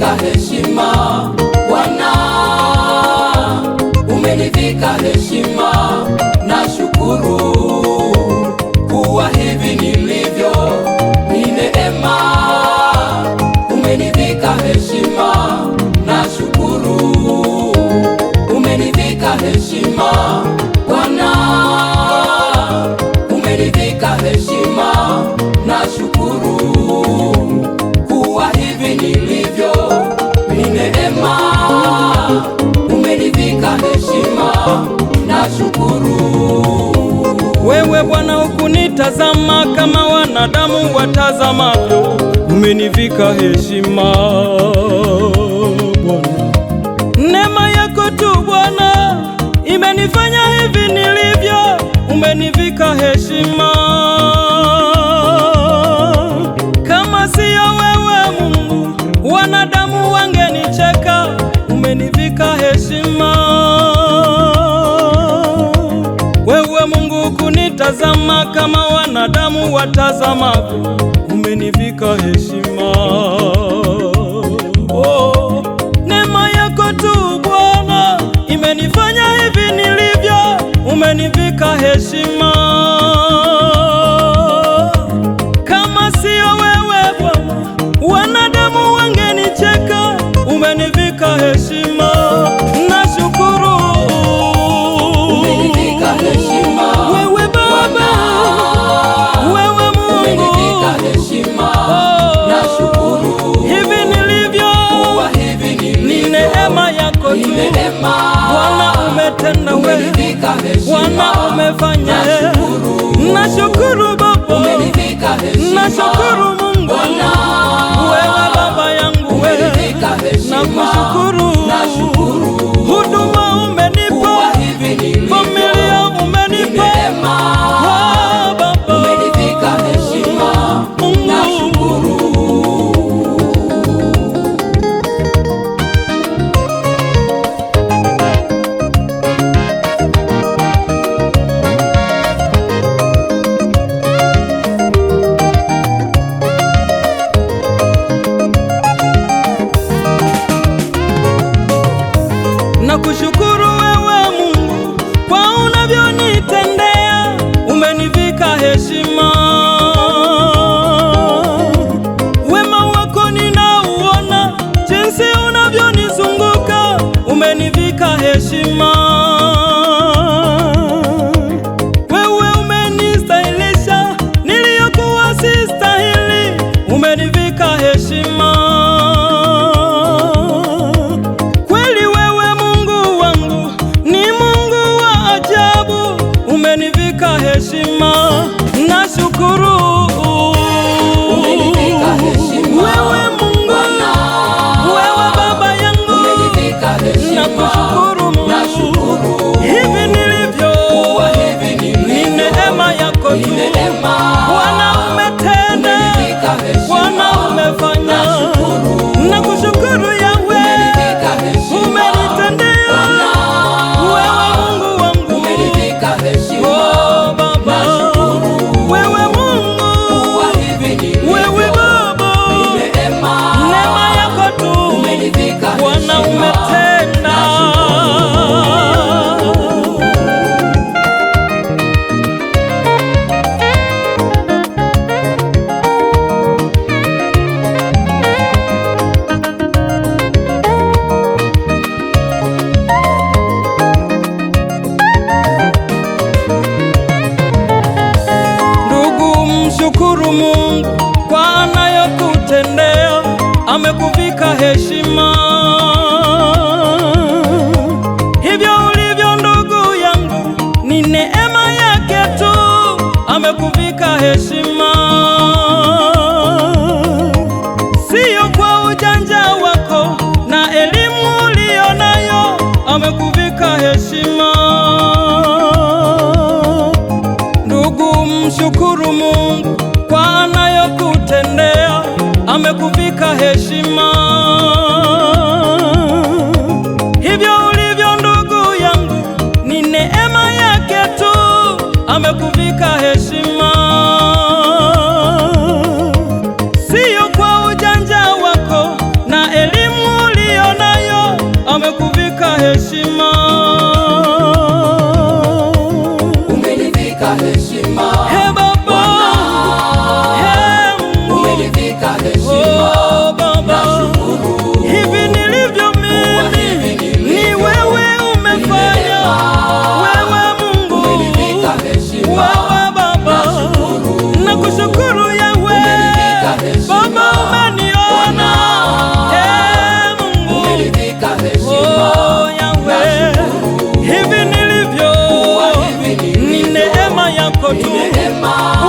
umenivika heshima Bwana, umenivika heshima, nashukuru kuwa hivi nilivyo, ni neema. Umenivika heshima, nashukuru umenivika heshima Bwana, umenivika heshima wewe Bwana ukunitazama kama wanadamu watazamavyo, umenivika heshima Bwana. Neema yako tu Bwana imenifanya hivi nilivyo, umenivika watazamavyo umenivika heshima. Bwana umetenda we, Bwana umefanya, nashukuru Baba, shukuru Mungu, wewe baba yangu na kushukuru hivi mal. cinema fica recheado. tu. my.